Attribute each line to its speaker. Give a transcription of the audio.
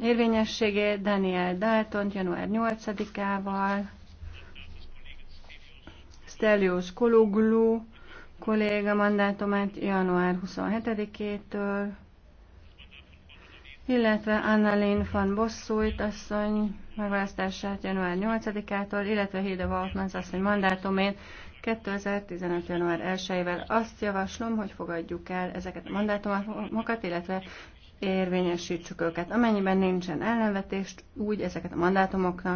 Speaker 1: érvényességé Daniel Dalton január 8-ával, Stelios Kologlu kolléga mandátumát január 27-től, illetve Annalén van Bosszújt asszony megválasztását január 8-ától, illetve Hilda Waltmans asszony mandátumén 2015. január 1-ével. Azt javaslom, hogy fogadjuk el ezeket a mandátumokat, illetve érvényesítsük őket. Amennyiben nincsen ellenvetést, úgy ezeket
Speaker 2: a mandátumoknak